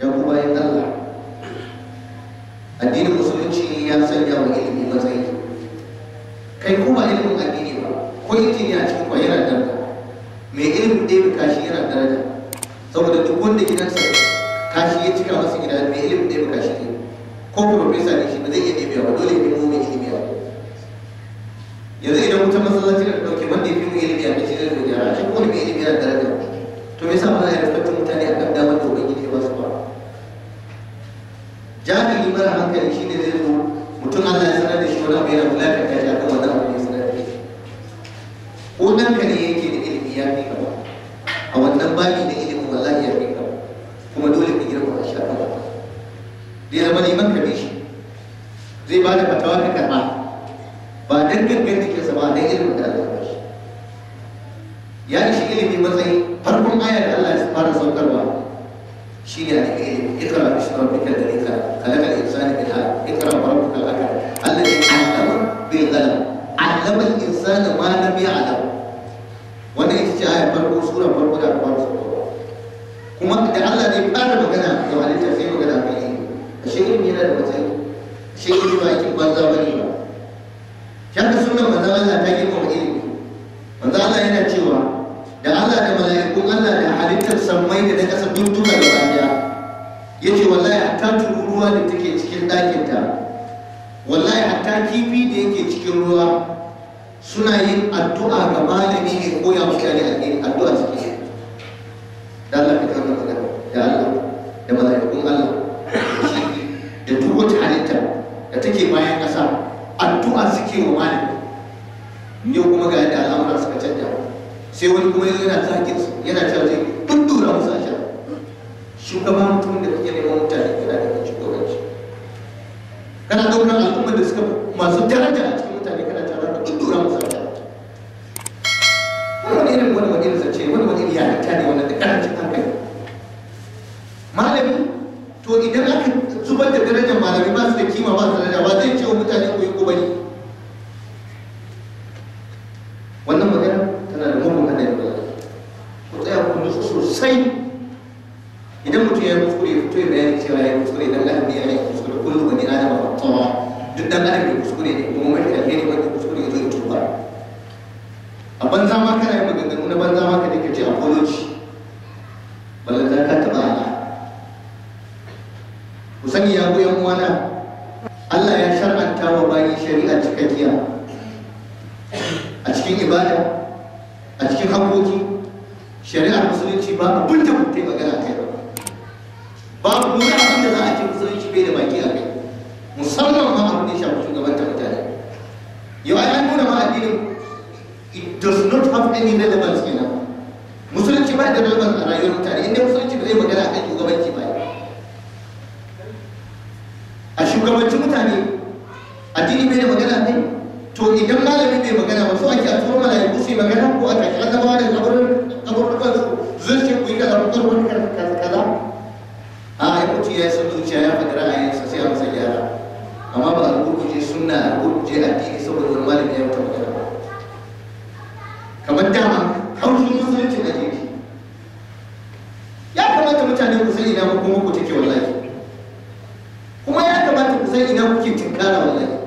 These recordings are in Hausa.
ya kuma yin Allah addinin musulunci ya sanya wa ilimi matsayi kai kuma ilimin addini ba ko injiniya cikin ba yana daraja mai ilimin ɗaya kashi yana daraja saboda duk wanda gidansa kashi ya cika masa gida mai ilimin ɗaya kashi ne ko profesa ne shi ba zai iya ɗaya ba dole ne mu mai ilimi ba yanzu idan wutar masallaci da ɗauke wanda ya fi mu ilimi a kashi zai zo gyara a ko wani mai ilimi yana daraja to me yasa jahili mara hankali shine zai zo mutum Allah ya sanar da shi wani abu yana wulakanta shi akan wannan abu ya sanar da shi ko nan ka ne yake da ilimi ya fi gaba a wannan babi na ilimi wallahi ya fi gaba kuma dole ka girma a sha akan wannan zai zama neman ka shi zai ba da fatawa ka karɓa ba dan gangan jikinsa ba dan ilimin da Allah ya shi ya ishi ilimi matsayi farkon ayar da Allah ya fara saukarwa shi ne a cikin ilimi ikra bismi da ladhi kana ɗaukar al'ummar da suka masu daraja Allah ya shar'anta wa bayi shari'a cikakkiya a cikin ibada a cikin hakoki shari'ar musulunci ba a bunta bunta ba magana kai ba ba mu yi da za a ce musulunci bai da baki a kai musamman ma abin da ya shafi shugaban ta mutane yau ai an nuna ma addinin it does not have any relevance kenan musulunci ba da relevance a rayuwar mutane inda musulunci ba zai magana a kan shugabanci ba shugabanci mutane addini bai da magana ne to idan malami bai magana ba so ake a turo mala'iku su yi magana ko a tafi annabawa da kabarin kabarukan su zai ce ku yi kaza ku karɓar kaza kaza a ai mutum ya yi son zuciya ya faɗi ra'ayinsa sai a masa gyara amma ba a gurguje sunna a gurguje addini saboda wani malami ya mutu magana ba kamar dama haushin musulunci na jiki ya kamata mutane ku sani na kuma ku take wallahi 你真开朗。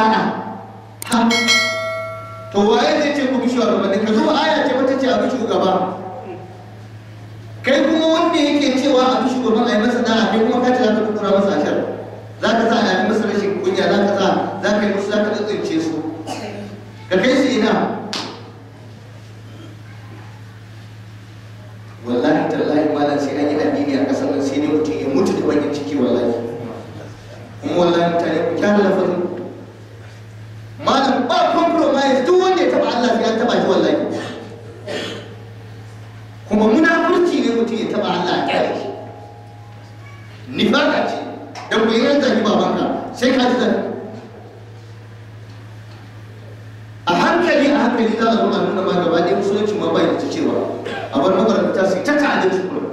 rana ta to wa zai ce ku bi shugabanni ka zuba aya ce wata ce a bi shugaba kai kuma wanda yake cewa a bi shugaban a yi masa da abin kuma kace za ka tukura masa ashar za ka sa a yi masa rashin kunya za ka sa za ka yi musu za ka tsince su ka kai su ina hankali a hankali za a zo a nuna ma gaba ɗaya musulunci ma bai da cewa a bar makaranta su ta ta'adin su kula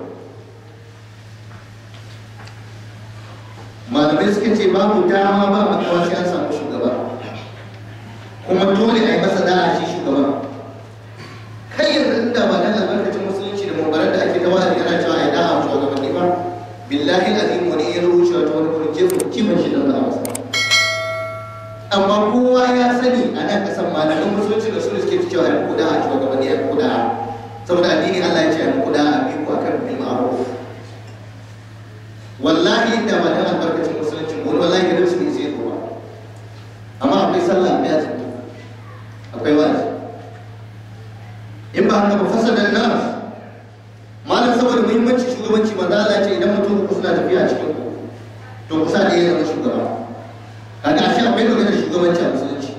malamai suka ce babu dama ba a kawo sai an samu shugaba kuma dole a yi masa a shi shugaba kai yanzu inda ba na albarkacin musulunci da mabarar da ake tawa ana cewa ya da'a shugabanni ba billahi azim wani ya rubuce wata wani kuma jefa kiman shi da wallahi inda ba da albarkacin musulunci wani wallahi ga nufsu ne sai ruwa? amma akwai sallah akwai azumi akwai wani in ba haka ba fasadar nas malam saboda muhimmanci shugabanci ba manzo Allah ce idan mutum uku suna tafiya cikin ku to kusa da ya zama shugaba kaga ashe akwai magana shugabanci a musulunci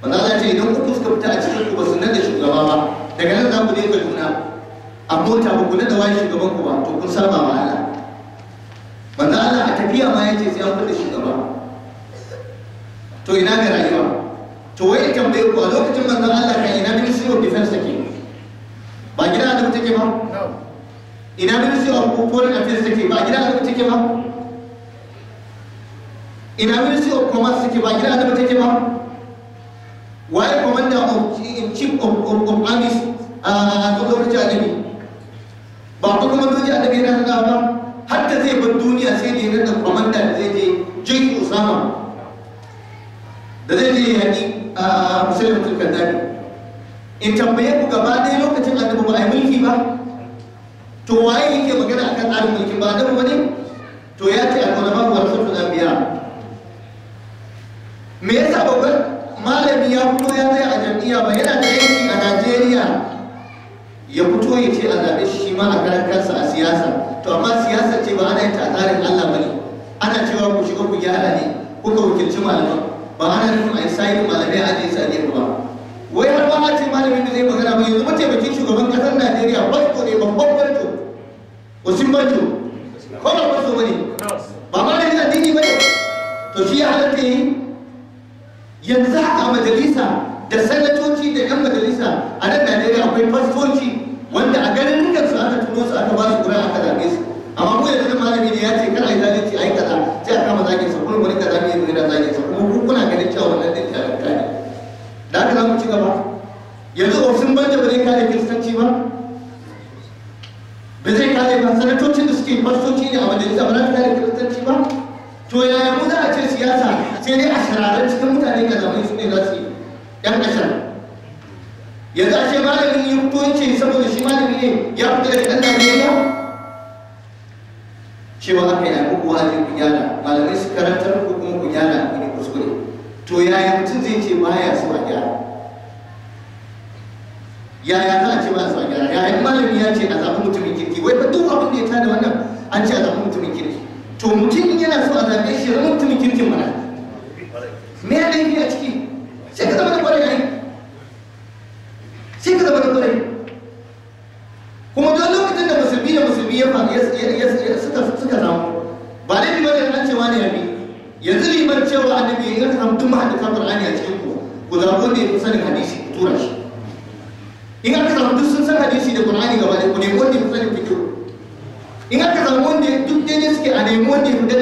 manzo Allah ce idan uku suka fita a cikin ku ba su nan da shugaba ba daga nan za ku dinga juna a mota ba ku nada wani shugaban ku ba to kun saba ma Allah ma ya ce sai an da shugaba to ina ga rayuwa to wai tambaye ku a lokacin manzo Allah kai ina ministry of defense take ba gida da take ba ina ministry of foreign affairs take ba gida da take ba ina ministry of commerce take ba gida da take ba why commander of in tambaye ku gaba ɗaya lokacin annabi ba a yi mulki ba to waye yake magana akan tsarin mulki ba annabi wani to ya ce al-ulama wa rasulul biya me yasa babban malami ya fito ya tsaya a jam'iyya ba yana da yanki a Najeriya ya fito ya ce a zaɓe shi ma a karan kansa a siyasa to amma siyasa ce ba ana yin ta tsarin Allah ba ne ana cewa ku shiga ku gyara ne kuka wakilci malaman ba ana nufin a yi sayin malamai a ajiye sa ne ba wai har ba a ce malamin da zai magana ba yanzu mataimakin shugaban kasar najeriya ko ne babban ko wasu barko ko ba barko ba ma ba ma addini ba ne to shi ya halatta yi yanzu aka majalisa ya fito daga ɗan Najeriya cewa aka yi abu kuwa ku gyara malamai su karantar ku kuma ku gyara ku ne kuskure to yaya mutum zai ce baya so a gyara yaya za a ce ba su a gyara yaya malami ya ce a zaɓi mutumin kirki wai ba duk abin da ya tada wannan an ce a zaɓi mutumin kirki to mutum yana so a zaɓe shi ya mutumin kirkin mana samu wanda duk daidai suke a nemi wanda ya fi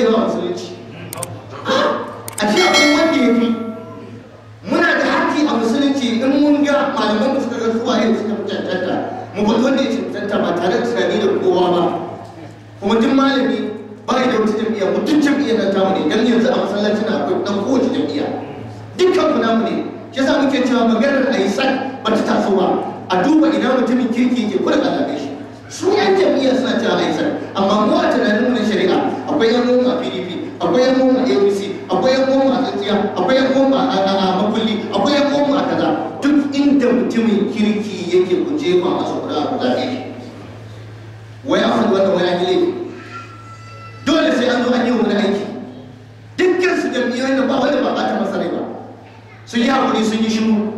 muna da haƙƙi a musulunci in mun ga malaman da suka zuwa yau suka fi cancanta mu faɗi wanda ya cancanta ba tare da tunani da kowa ba kuma duk malami ba ya da wata jam'iyya mu duk jam'iyyar nan tamu ne yanzu a masallacin akwai dan kowace dukkan ku namu ne shi yasa muke cewa maganar a yi sa ba ta taso ba a duba ina mutumin kirki ke kula da shi su yan jam'iyyar suna cewa na isar amma mu a tunanin mu na shari'a akwai yan mu a pdp akwai yan mu a apc akwai yan mu a tsintsiya akwai yan mu a makulli akwai yan mu a kaza duk inda mutumin kirki yake ku jefa a kuɗa a kuɗa ne waya an faɗi wannan waya gile dole sai an zo an yi wani aiki dukkan su jam'iyyar da ba wanda ba ta masarai ba sun yi haƙuri sun yi shiru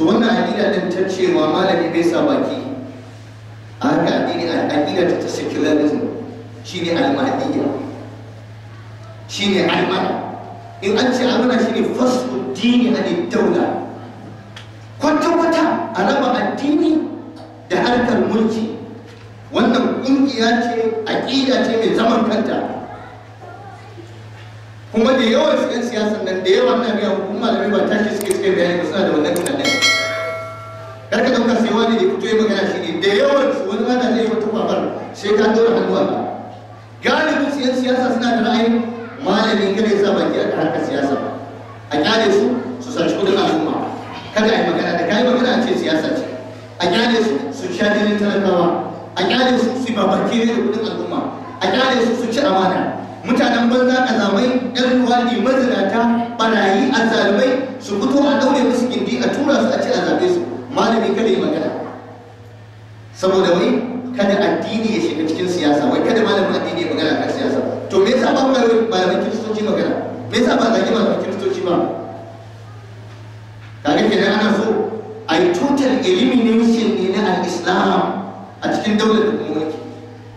so wannan aƙida din ta cewa malami bai sa baki a haka addini aƙida ta secularism shine almahdiya shine almahdi in an ce amana shine fasu dini an daula kwata kwata a raba addini da harkar mulki wannan ƙungiya ce aƙida ce mai zaman kanta kuma da yawan 'yan siyasan nan da yawan na biya hukuma da ba tashi suke suke bayani suna da wannan tunanin kar ka dauka wani ne fito ya magana shi ne da yawan su wani ana zai wata kwabar sai ka dora hannu a galibin siyan siyasa suna da ra'ayin malamin kada ya sa baki a harkar siyasa a cikin daular da kuma mulki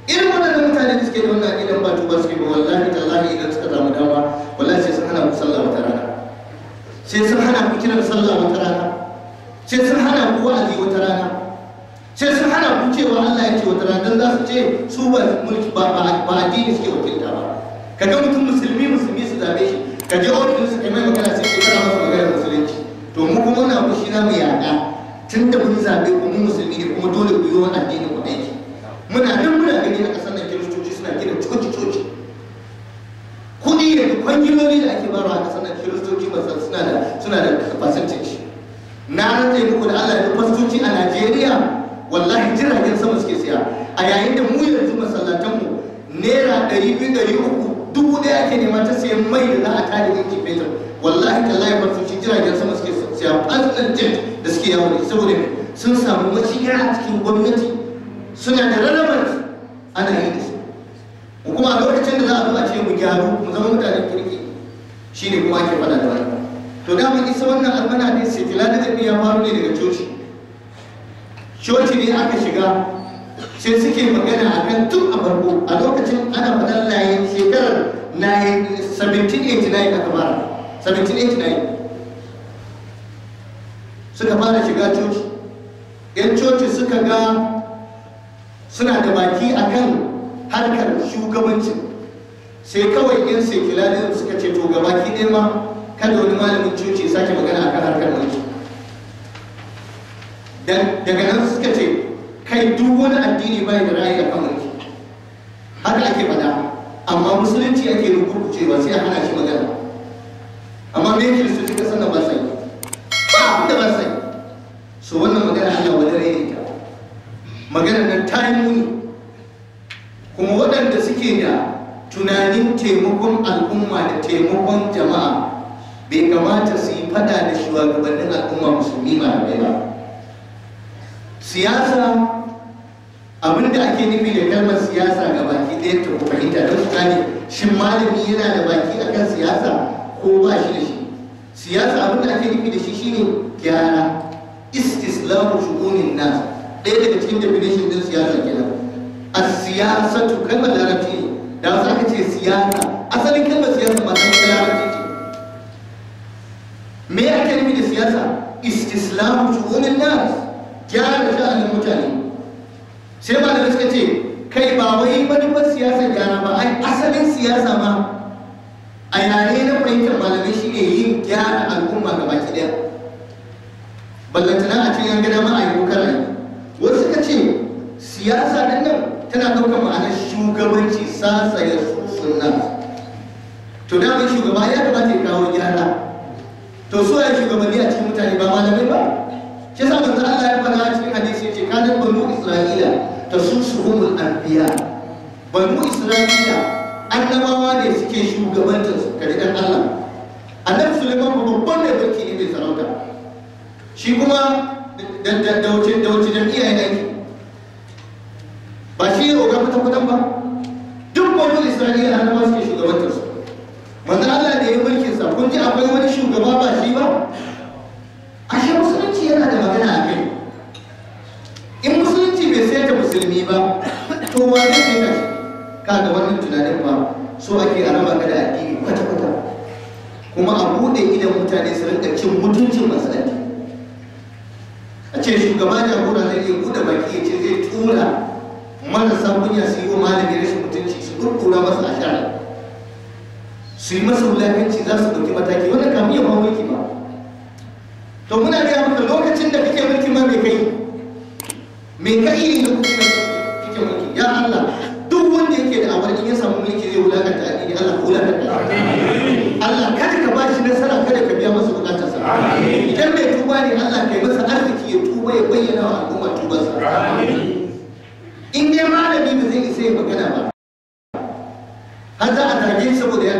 irin waɗannan mutane da suke da idan batu ba tuba suke ba wallahi zahi idan suka samu dama wallahi sai sun hana ku sallah wata rana sai sun hana ku kiran sallah wata rana sai sun hana ku wa'azi wata rana sai sun hana ku cewa Allah ya ce wata rana dan za su ce su ba mulki ba ba addini suke wakilta ba ga mutum musulmi musulmi su zabe shi je ofis su kai mai magana sai ka fara masa magana musulunci to mu kuma na shi na mu yaƙa tun da mun zaɓe ku mun musulmi ne kuma dole ku yi wa addini ku aiki muna nan muna gani a ƙasar nan kiristoci suna gina coci coci kuɗi fi kwangiloli da ake barawa a ƙasar nan kiristoci masu suna da suna da percentage na rantse muku da Allah ya fastoci a Najeriya wallahi jiragen sama suke siya a yayin da mu yanzu masallatanmu naira ɗari biyu ɗari uku dubu ɗaya ake nema ta sayan mai da za a da inji fetur wallahi tallahi fastoci jiragen sama suke siya personal jet da suke yawo saboda sun samu mashigar a cikin gwamnati suna da relevant ana yi da su kuma a lokacin da za a ce mu gyaru mu zama mutane kirki shine kuma ke faɗa da wani to da mun isa wannan almana ne sitila na ɗin ya faru ne daga coci coci ne aka shiga sai suke magana a kan tun a farko a lokacin ana faɗar layin shekarar 1789 aka fara 1789 suka fara shiga coci yan coci suka ga suna da baki akan harkar shugabancin sai kawai yan sekularism suka ce to gabaki ɗaya ma kada wani malamin coci sake magana akan harkar mulki daga nan suka ce kai duk wani addini bai da ra'ayi kan mulki haka ake faɗa amma musulunci ake rubuce ba sai a hana shi magana amma me kiristoci kasan nan ba maganar nan ta yi muni kuma waɗanda suke da tunanin taimakon al'umma da taimakon jama'a bai kamata su yi fada da shugabannin al'umma musulmi malamai ba siyasa abinda ake nufi da kalmar siyasa ga baki ɗaya ta fahimta don su gane shin malami yana da baki a kan siyasa ko ba shi da shi siyasa abinda ake nufi da shi shine gyara istislamu shugunin nasu ɗaya daga cikin definition ɗin siyasa kenan A siyasatu kalmar larabci ne da wasu aka ce siyasa asalin kalmar siyasa ba ta larabci ce me ya nufi da siyasa istislamu shugunin nas gyara sha'anin mutane sai ba da suka ce kai ba wai manufar siyasa gyara ba ai asalin siyasa ma a yare na fahimtar malamai shi ne yin gyara al'umma gaba ki ɗaya ballantana a cikin gida ma a yi ne. siyasa din nan tana ɗaukar ma'anar shugabanci sasaya sunna to da mai shugaba ya kamata ya kawo gyara to so ya shugabanni a cikin mutane ba malamai ba shi sa manzo Allah ya fara a cikin hadisi ce kana banu isra'ila tasusuhumul anbiya banu isra'ila annabawa ne suke shugabantar su kare dan Allah annabi Sulaiman babban ne ki ne mai sarauta shi kuma da da da wuce da wuce da iyayen aiki ba shi ne oga kwata kudan ba duk bautar isra'ila na hannun suke shugabantarsu manzo Allah da ya mulkin sa kun ji akwai wani shugaba ba shi ba ashe musulunci yana da magana a kai in musulunci bai saita musulmi ba to wa ne sai ka ka da wannan tunanin ba so ake a raba ka da addini kwata-kwata kuma a buɗe idan mutane su rinka cin mutuncin masu addini a ce shugaba jagora zai iya bude baki ya ce zai tura marasa kunya su yi wa malami rashin mutunci su kurkura masa ashara su yi masa wulakanci za su ɗauki mataki wannan kamun yamma mulki ba to muna gaya maka lokacin da kake mulki ma mai kai mai kai ne da kuma kake mulki ya Allah duk wanda yake da awar in ya samu mulki zai wulakanta addini Allah ko wulakanta Allah kada ka bashi nasara kada ka biya masa bukatarsa idan mai tuba ne Allah kai masa arziki ya tuba ya bayyana wa al'umma tubarsa in ne malami ba zai isa ya magana ba har za a tarbe saboda ya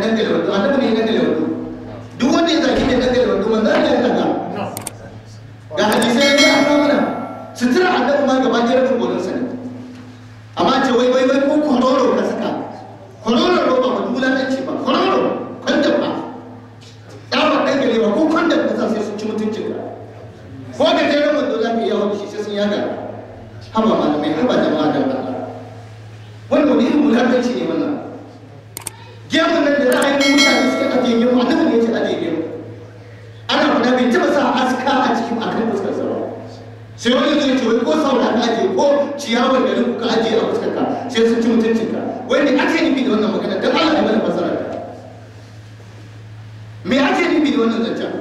nufi da wannan zancen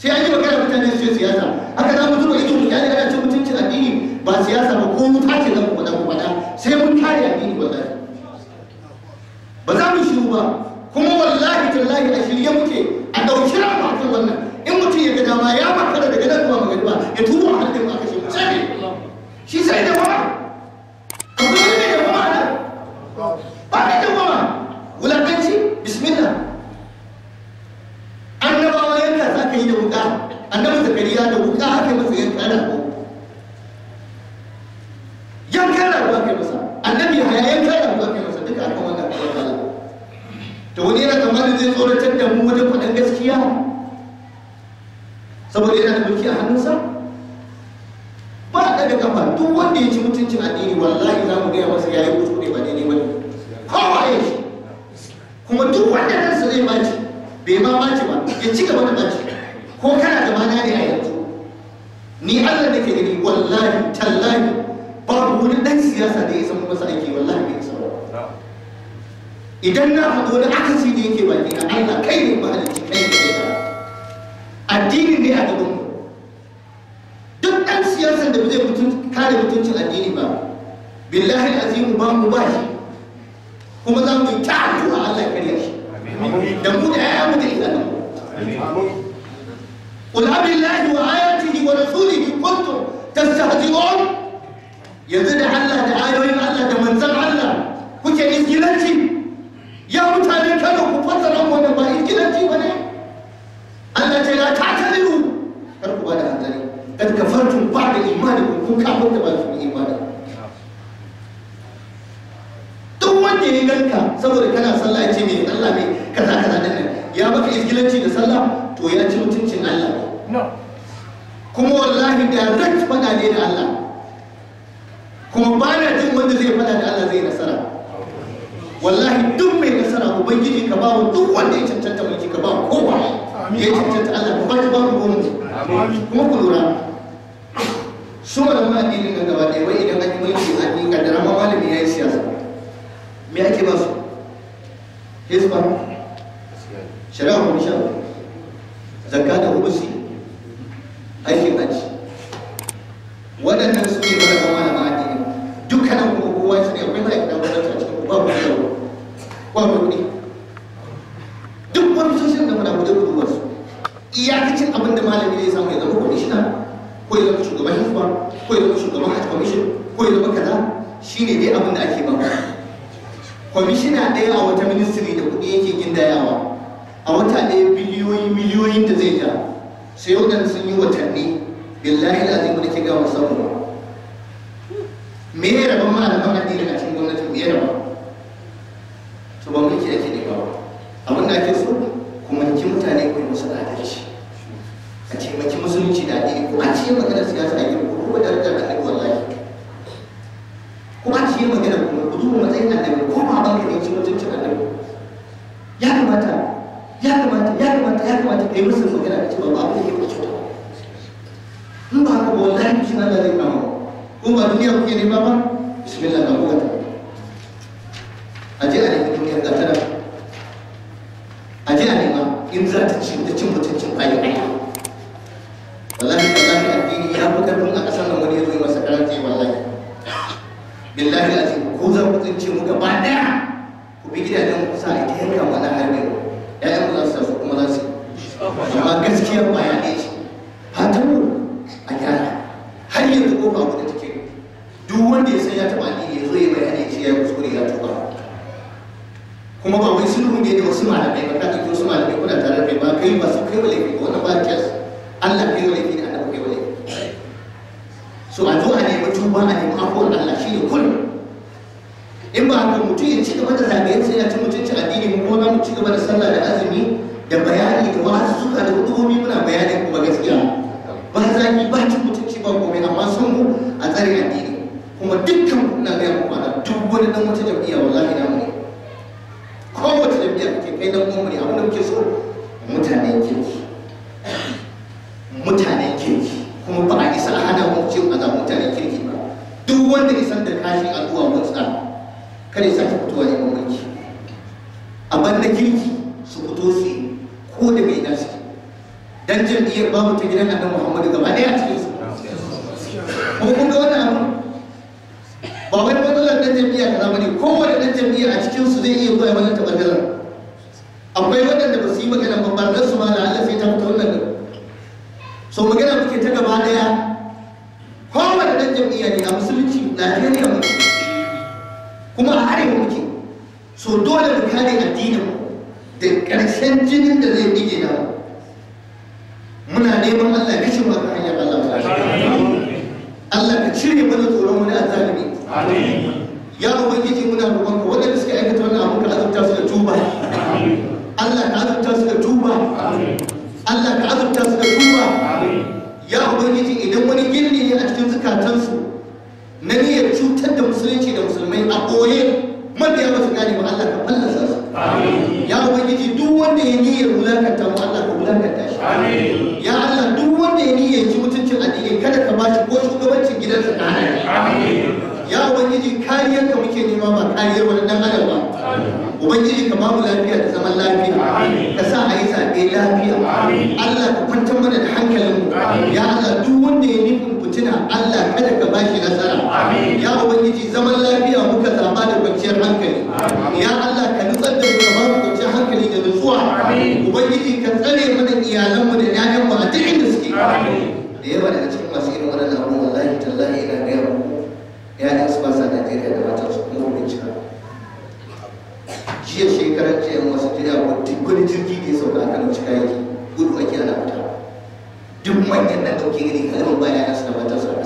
sai an yi magana mutane su ce siyasa aka za mu zuba ido mu kyale ana cin mutuncin addini ba siyasa ba ko wuta ce zan faɗa ku faɗa sai mun kare addini zai ba za mu shiru ba kuma wallahi tallahi a shirye muke a ɗauki rafa akan wannan in mutum ya ga dama ya makara daga nan zuwa magariba ya tuba a hannun aka shi sai shi sai da gaskiya saboda yana da dukiya a hannunsa ba daga kafa duk wanda ya ci mutuncin addini wallahi za mu gaya masa ya yi kuskure ba daidai ba ne kowa ya shi kuma duk wanda su zai baci bai ma baci ba ya ci gaba da baci ko kana da mana ne a yanzu ni allah da ke gani wallahi tallahi babu wani dan siyasa da ya san masa aiki wallahi bai idan na fito da aka ci da yake baki na aina kai ne ba halitta kai ne ba addini ne a gaban duk dan siyasar da zai mutun kare mutuncin addini ba billahi alazim ba mu ba shi kuma za mu yi ta a Allah kare shi da mu da ayyan mu da ila amin qul billahi wa ayatihi wa ta kuntum tastahzi'un yanzu da Allah da ayoyin Allah da manzan Allah kuke izgilanci ya mutane kano ku ran wani ba ji ba ne Allah ce ta ta'tadiru kar ku bada hankali kad da ba'da ku kun kafirta ba ku imani duk wanda ya ganka saboda kana sallah ya ce ne Allah ne, kaza kaza din nan ya baka isgilanci da sallah to ya ci mutuncin Allah kuma wallahi da direct fada ne da Allah kuma ba na jin wanda zai fada da Allah zai nasara wallahi duk mai nasara ubangiji ka ba mu duk wanda ya cancanta mulki ka ba mu kowa ya cancanta Allah ka baki ba mu gomu kuma ku lura su malaman addinin nan gaba ɗaya wai idan an yi mulki an yi kaddara ma malami ya yi siyasa me ake ba su hizba shari'a ko nishan zakka da hubusi aikin aji waɗannan watanni billahi da zai ke ga musamman ba me ya rabon malaman addini a cikin gwamnati me ba rabon to ban muke ke billahi ce ko za ku tsince mu gaba daya ku bi gidajen ku sa a ta yanka harbin tsare addini kuma dukkan ina gaya muku ana duk wani dan wata jam'iyya wallahi na mu ne kowace jam'iyya kake kai dan uwanmu ne abin da muke so mutane kirki mutane kirki kuma ba a isa a hana mu cewa a zaɓi mutane kirki ba duk wanda isan da kashi addu'a mun tsara kada ya sake fitowa ne mulki a banda kirki su fito su ko da mai nasu dan jam'iyyar babu ta gidan annabi Muhammadu wannan jam'iyya ne a musulunci najeriya mu kuma a arewa muke so dole mu kare addinin da ƙarshen jinin da zai bige na muna neman allah kashe mu akan hanyar allah allah ka cire mana tsoron wani azalimi ya ubangiji muna roƙon ka wanda suka aikata wannan abu ka azurta su da tuba allah ka azurta su da tuba allah ka azurta su da tuba ya ubangiji idan wani gilli ne a cikin zukatansu na niyyar cutar da musulunci da musulmai a koye mabiya masu gane ba Allah ka fallasa su ya ubangiji duk wanda ya niyyar wulakanta mu Allah ka wulakanta shi ya Allah duk wanda ya niyyar ci mutuncin addini kada ka bashi ko shugabancin gidansa ka hana ya ubangiji kariyar ka muke nema ba kariyar wani dan adam ba ubangiji ka bamu lafiya da zaman lafiya ka sa a yi zaɓe lafiya Allah ka kwantar mana da hankalin ya Allah duk wanda ya nufin fitina Allah kada ka bashi nasara ya ubangiji zaman lafiya muka zaɓa da kwanciyar hankali ya Allah ka nutsar da mu ba kwanciyar hankali da nutsuwa ubangiji ka tsare mana iyalanmu da ƴaƴan mu a duk inda suke da yawa daga cikin masu irin wannan abu wallahi tallahi ina ga Ya ƴaƴan su ba sa Najeriya da matan su kuma bincika jiya shekarar yan wasu jira wadda wani jirgi da ya sauka a kano cika yake gudu ake ana fita duk manyan nan ɗauke gani kalmar bayan ya sa matasa.